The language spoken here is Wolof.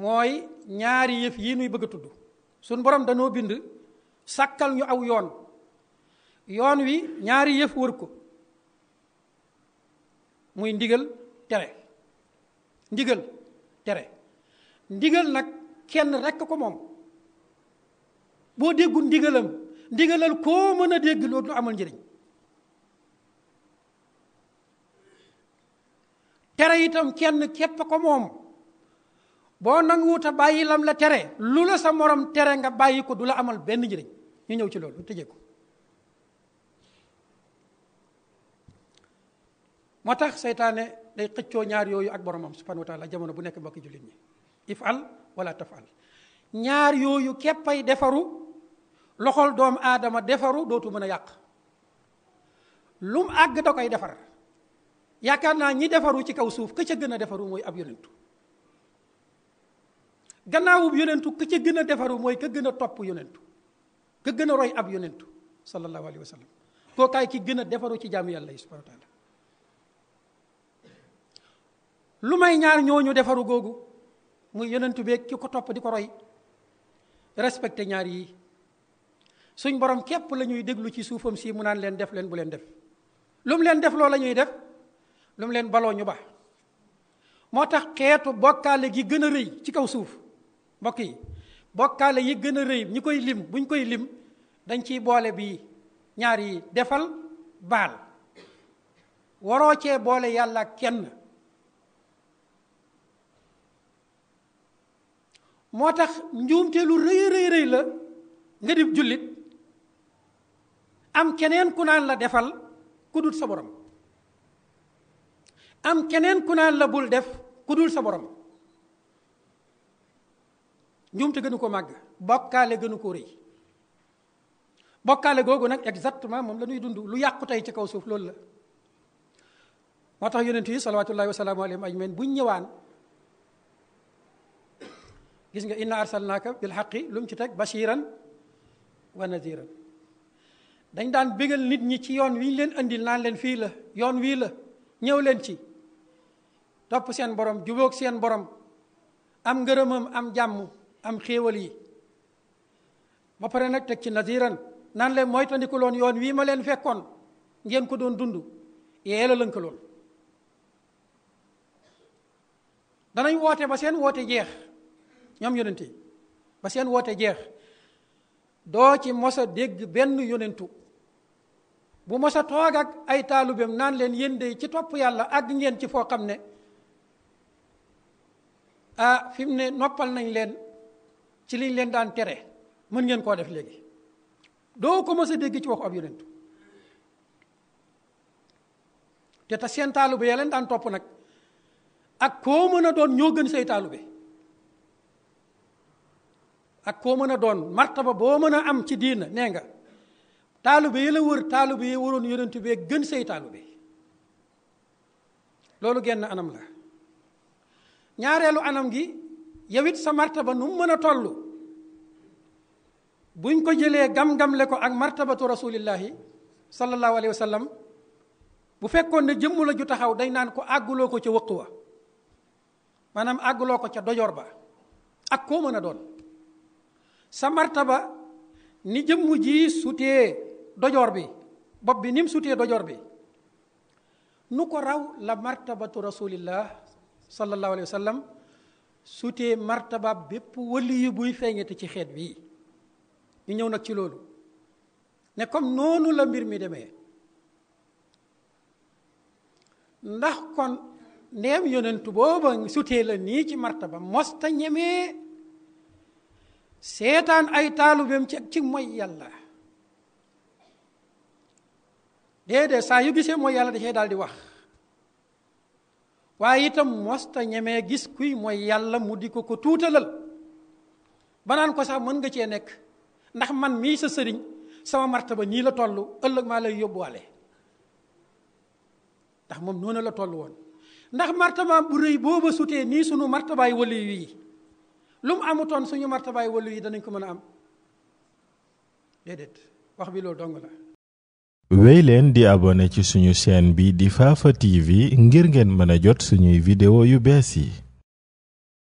mooy ñaari yëf yi nuy bëgg a tudd suñ borom danoo bind sàkkal ñu aw yoon yoon wi ñaari yëf wër ko muy ndigal tere ndigal tere ndigal nag kenn rekk ko moom boo déggu ndigalam ndigalal koo mën a dégg loolu lu amal njëriñ tere itam kenn képp ko moom boo nanguwut a bàyyi lam la tere lu la sa morom tere nga bàyyi ko du la amal benn njëriñ ñu ñëw ci loolu tëjee ko moo tax seytaane day xëccoo ñaar yooyu ak boromam subhanahu wa taala jamono bu nekk mbokki jullit ñi ifal wala tafal ñaar yooyu képpay defaru loxol doomu aadama defaru dootu mën a yàq lum àgg da koy defar yaakaar naa ñi defaru ci kaw suuf ka ca gën a defaru mooy ab yonentu gannaawub yonentu ka ci gën a defaru mooy ka gën a topp yonentu ka gën a roy ab yonentu sallallahu alayhi wa sallam ki gën a defaru ci jaamu yàlla yi subhanahu wa lu may ñaar ñooñu defaru googu muy yonentu beeg ki ko topp di ko roy respecté ñaar yi suñ borom képp la ñuy déglu ci suufam si mu naan leen def leen bu leen def lu mu leen def loo la ñuy def lu mu leen baloo ñu ba moo tax xeetu bokkaale gi gën a rëy ci kaw suuf mbokk yi bokkaale yi gën a rëy ñi koy lim buñ koy lim dañ ciy boole bi ñaar yi defal baal waroo cee boole yàlla kenn moo tax njuumte lu rëy rëy rëy la nga dib jullit am keneen ku naan la defal ku dul sa borom am keneen ku naan la bul def ku dul sa borom njuumte gënu ko màgg bokkaale gënu ko rëy bokkaale googu nag exactement moom la dund lu yàqu tey ci kaw suuf loolu la moo tax yonent yi salawatullahi wasalaamu alayhim ajmain buñ ñëwaan gis nga inna arsalnaaka bil xaqi lu ci teg bashiran wa nadiran dañ daan bégal nit ñi ci yoon wi ñu leen andil naan leen fii la yoon wii la ñëw leen ci topp seen borom jubóog seen borom am ngërëmam am jàmm am xéewal yi ba pare nag teg ci naziran nan leen moytandiku loon yoon wii ma leen fekkoon ngeen ko doon dund yee la lënk danañ woote ba seen woote jeex ñoom yonent yi ba seen woote jeex doo ci mosa dégg benn yonentu bu mos a toog ak ay taalubeem naan leen yéen de ci topp yàlla àgg ngeen ci foo xam ne ah fi ne noppal nañ leen ci liñ leen daan tere mën ngeen koo def léegi doo ko mës a dégg ci waxu ab yonent te te seen taalibe ya leen daan topp nag ak koo mën a doon ñoo gën say taalibe ak koo mën a doon martaba boo mën a am ci diina nee nga taalibe yi la wër taalibe yi waroon yonent bee gën say taalibe loolu genn anam la ñaareelu anam gi yow it sa martaba nu mu mën a toll buñ ko jëlee gam-gamle ko ak martabatu rasulillahi sallallahu alayhi wa sallam bu fekkoon ne jëmm la ju taxaw day naan ko àgguloo ko ca wëq wa maanaam àgguloo ko ca dojoor ba ak koo mën a doon sa martaba ni jëmm ji sutee dojoor bi bopp bi ni mu sutee dojoor bi nu ko raw la martabatu rasulillah sallallahu alayhi wa sutee martaba bépp wëli yu buy feeñati ci xeet bi ñu ñëw nag ci loolu ne comme noonu la mbir mi demee ndax kon ndeem yonentu booba sutee la nii ci martaba mosta ñemee seetaan ay taalubeem ci ci mooy yàlla déedéet saa yu mooy yàlla da cee daal di wax waaye itam mosta ñemee gis kuy mooy yàlla mu di ko ko tuutalal ba naan ko sax mën nga cee nekk ndax man mii sa sëriñ sama martaba nii la toll ëllëg maa lay yóbbuwaale ndax moom noonu la toll woon ndax martaba bu rëy booba sutee nii suñu martabaay wali yi lu mu amutoon suñu martabaay wali yi danañ ko mën a am déedéet wax bi loolu dong la wéy leen di abonné ci suñu chaîne bi di Fafa TV ngir ngeen mën a jot suñuy vidéo yu bees yi